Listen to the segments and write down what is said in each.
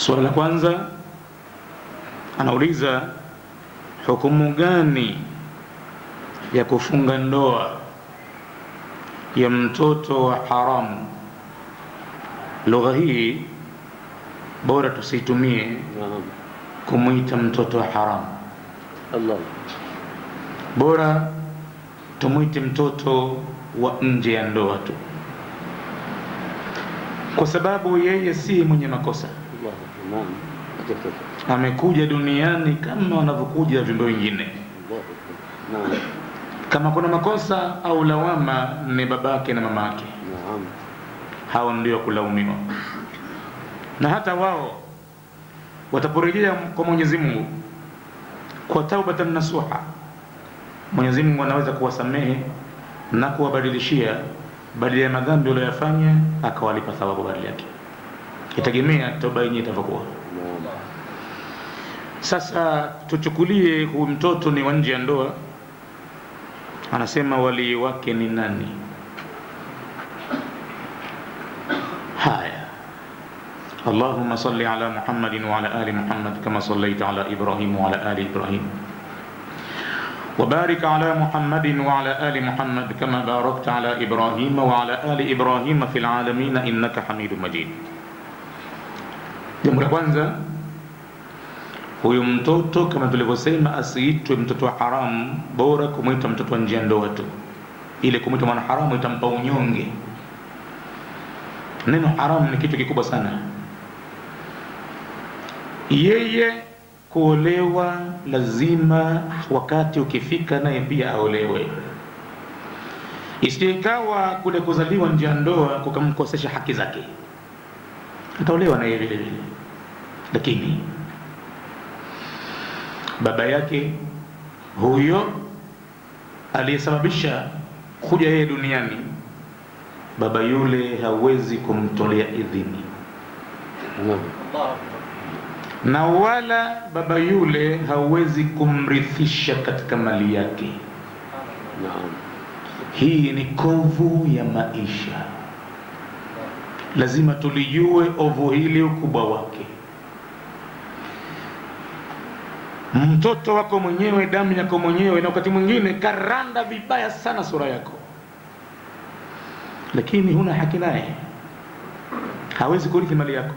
Suala la kwanza anauliza hukumu gani ya kufunga ndoa ya mtoto wa haramu? Lugha hii bora tusiitumie kumwita mtoto wa haramu, bora tumwite mtoto wa nje ya ndoa tu, kwa sababu yeye si mwenye makosa amekuja duniani kama wanavyokuja viumbe wengine. Kama kuna makosa au lawama ni babake na mamake, hao ndio kulaumiwa, na hata wao wataporejea kwa Mwenyezi Mungu kwa taubatan nasuha. Mwenyezi Mungu anaweza kuwasamehe na kuwabadilishia badala ya madhambi walioyafanya, akawalipa thawabu badala yake. itategemea toba yenyewe itavyokuwa. Sasa tuchukulie huyu mtoto ni wa nje ya ndoa, anasema walii wake ni nani? Haya, Allahumma salli ala Muhammadin wa ala ali Muhammad kama sallaita ala Ibrahim wa ala ali Ibrahim وبارك على محمد وعلى آل محمد كما باركت على إبراهيم وعلى آل إبراهيم في العالمين إنك حميد مجيد Jambo la kwanza, huyu mtoto kama tulivyosema, asiitwe mtoto wa haramu, bora kumwita mtoto wa nje ya ndoa tu. Ile kumwita mwana haramu itampa unyonge. Neno haramu ni kitu kikubwa sana. Yeye kuolewa lazima wakati ukifika, naye pia aolewe, isije ikawa kule kuzaliwa nje ya ndoa kukamkosesha haki zake. Ataolewa na yeye vile vile, lakini baba yake huyo aliyesababisha kuja yeye duniani, baba yule hawezi kumtolea idhini na wala baba yule hawezi kumrithisha katika mali yake. Hii ni kovu ya maisha lazima tulijue ovu hili ukubwa wake. Mtoto wako mwenyewe, damu yako mwenyewe, na wakati mwingine karanda vibaya sana sura yako, lakini huna haki naye, hawezi kurithi mali yako,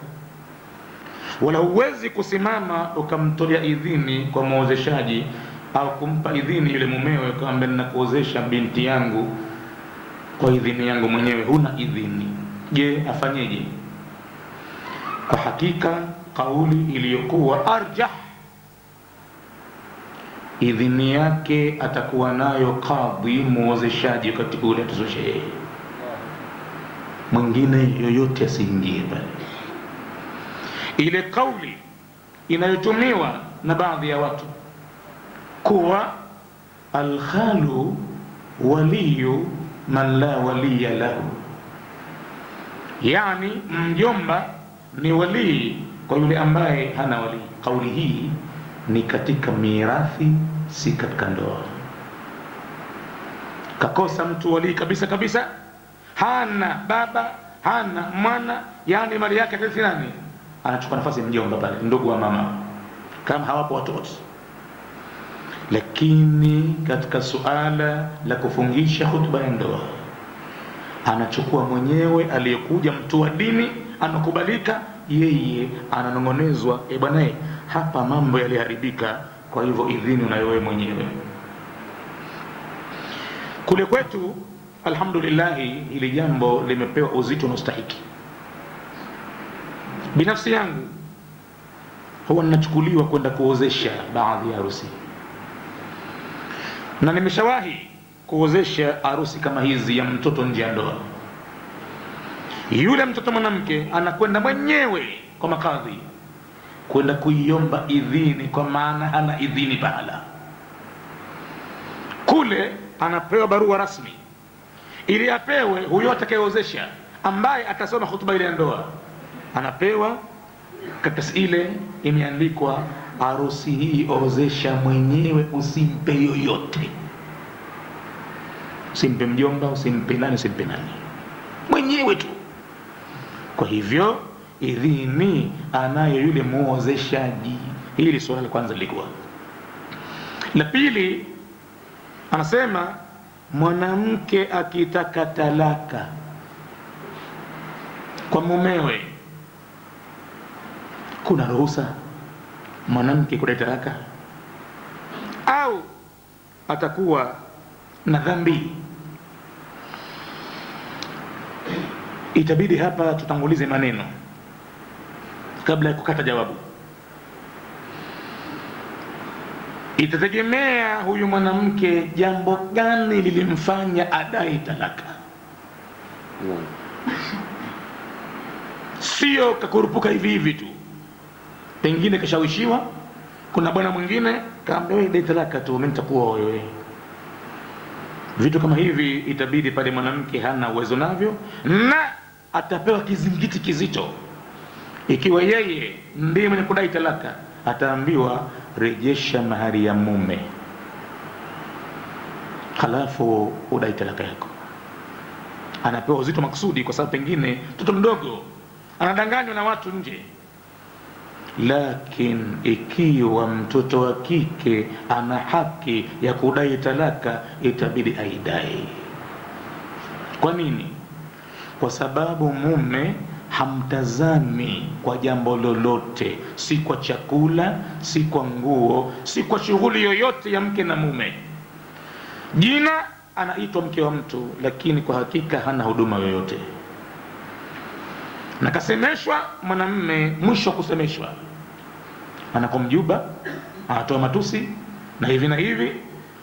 wala huwezi kusimama ukamtolea idhini kwa mwozeshaji au kumpa idhini yule mumewe, kwamba ninakuozesha binti yangu kwa idhini yangu mwenyewe. Huna idhini Je, afanyeje? Kwa hakika kauli iliyokuwa arjah idhini yake atakuwa nayo kadhi, muozeshaji katika ule atuzoshe mwingine yoyote asiingie pale. Ile kauli inayotumiwa na baadhi ya watu kuwa alkhalu waliyu man la waliya lahu yani mjomba ni walii kwa yule ambaye hana walii. Kauli hii ni katika mirathi, si katika ndoa. Kakosa mtu walii kabisa kabisa, hana baba, hana mwana, yani mali yake harithi nani? Anachukua nafasi mjomba pale, ndugu wa mama, kama hawapo watoto lakini katika suala la kufungisha hutuba ya ndoa anachukua mwenyewe aliyekuja mtu wa dini anakubalika, yeye ananong'onezwa, e bwana, eh, hapa mambo yaliharibika, kwa hivyo idhini unayowee wewe mwenyewe. Kule kwetu alhamdulillah, hili jambo limepewa uzito unaostahiki. Binafsi yangu huwa ninachukuliwa kwenda kuozesha baadhi ya harusi na nimeshawahi kuozesha harusi kama hizi ya mtoto nje ya ndoa. Yule mtoto mwanamke anakwenda mwenyewe kwa makadhi kwenda kuiomba idhini, kwa maana hana idhini pahala kule. Anapewa barua rasmi ili apewe huyo atakayeozesha, ambaye atasoma hutuba ile ya ndoa, anapewa karatasi ile, imeandikwa harusi hii ozesha mwenyewe, usimpe yoyote usimpe mjomba, usimpe nani, usimpe nani, mwenyewe tu. Kwa hivyo idhini anayo yule muozeshaji. Hili suala la kwanza lilikuwa. La pili, anasema mwanamke akitaka talaka kwa mumewe, kuna ruhusa mwanamke kudai talaka au atakuwa na dhambi itabidi hapa tutangulize maneno kabla ya kukata jawabu. Itategemea huyu mwanamke jambo gani lilimfanya adai talaka, sio kakurupuka hivi hivi tu. Pengine kashawishiwa, kuna bwana mwingine kaambia dai talaka tu, mimi wewe. Vitu kama hivi itabidi pale mwanamke hana uwezo navyo na atapewa kizingiti kizito. Ikiwa yeye ndiye mwenye kudai talaka, ataambiwa rejesha mahari ya mume, halafu udai talaka yako. Anapewa uzito makusudi, kwa sababu pengine mtoto mdogo anadanganywa na watu nje. Lakini ikiwa mtoto wa kike ana haki ya kudai talaka, itabidi aidai. Kwa nini? kwa sababu mume hamtazami kwa jambo lolote, si kwa chakula, si kwa nguo, si kwa shughuli yoyote ya mke na mume. Jina anaitwa mke wa mtu, lakini kwa hakika hana huduma yoyote. Nakasemeshwa mwanamme, mwisho wa kusemeshwa anakomjuba, mjuba, anatoa matusi na hivi na hivi.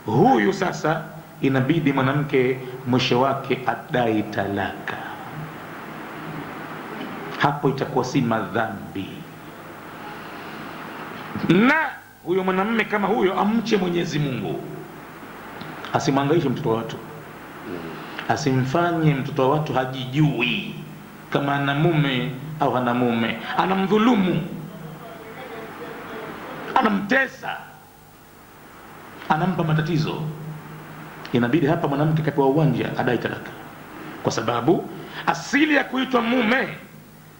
Huyu sasa inabidi mwanamke mwisho wake adai talaka hapo itakuwa si madhambi. na huyo mwanamume kama huyo amche Mwenyezi Mungu, asimhangaishe mtoto wa watu, asimfanye mtoto wa watu hajijui kama ana mume au hana mume, anamdhulumu, anamtesa, anampa matatizo. Inabidi hapa mwanamke kapewa uwanja adai talaka, kwa sababu asili ya kuitwa mume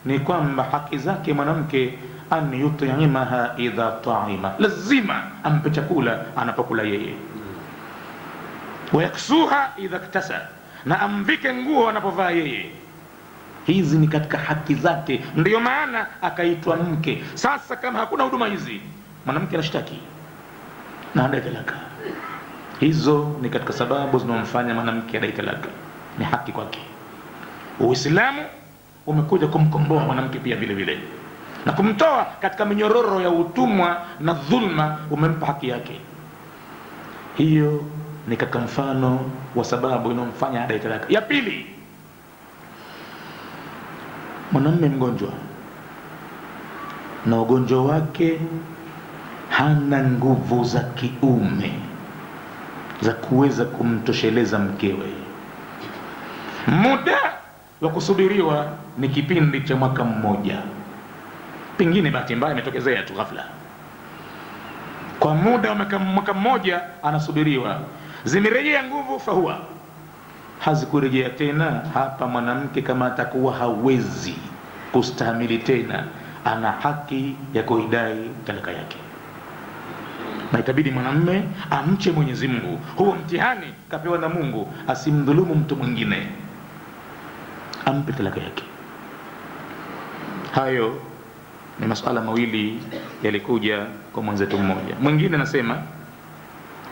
ni kwamba haki zake mwanamke an yut'imaha idha ta'ima, lazima ampe chakula anapokula yeye. Wayaksuha idha ktasa, na amvike nguo anapovaa yeye. Hizi ni katika haki zake, ndiyo maana akaitwa mke. Sasa kama hakuna huduma hizi, mwanamke anashtaki na adai talaka. Hizo ni katika sababu zinazomfanya mwanamke adai talaka, ni haki kwake Uislamu umekuja kumkomboa mwanamke pia vile vile na kumtoa katika minyororo ya utumwa na dhulma, umempa haki yake. Hiyo ni katika mfano wa sababu inayomfanya adai talaka. Ya pili, mwanamume mgonjwa na ugonjwa wake hana nguvu za kiume za kuweza kumtosheleza mkewe muda wa kusubiriwa ni kipindi cha mwaka mmoja, pengine bahati mbaya imetokezea tu ghafla. Kwa muda wa mwaka mmoja anasubiriwa, zimerejea nguvu fahuwa, hazikurejea tena. Hapa mwanamke kama atakuwa hawezi kustahamili tena, ana haki ya kuidai talaka yake, na itabidi mwanamme amche Mwenyezi Mungu. Huo mtihani kapewa na Mungu, asimdhulumu mtu mwingine ampe talaka yake. Hayo ni masuala mawili yalikuja kwa mwenzetu mmoja. Mwingine anasema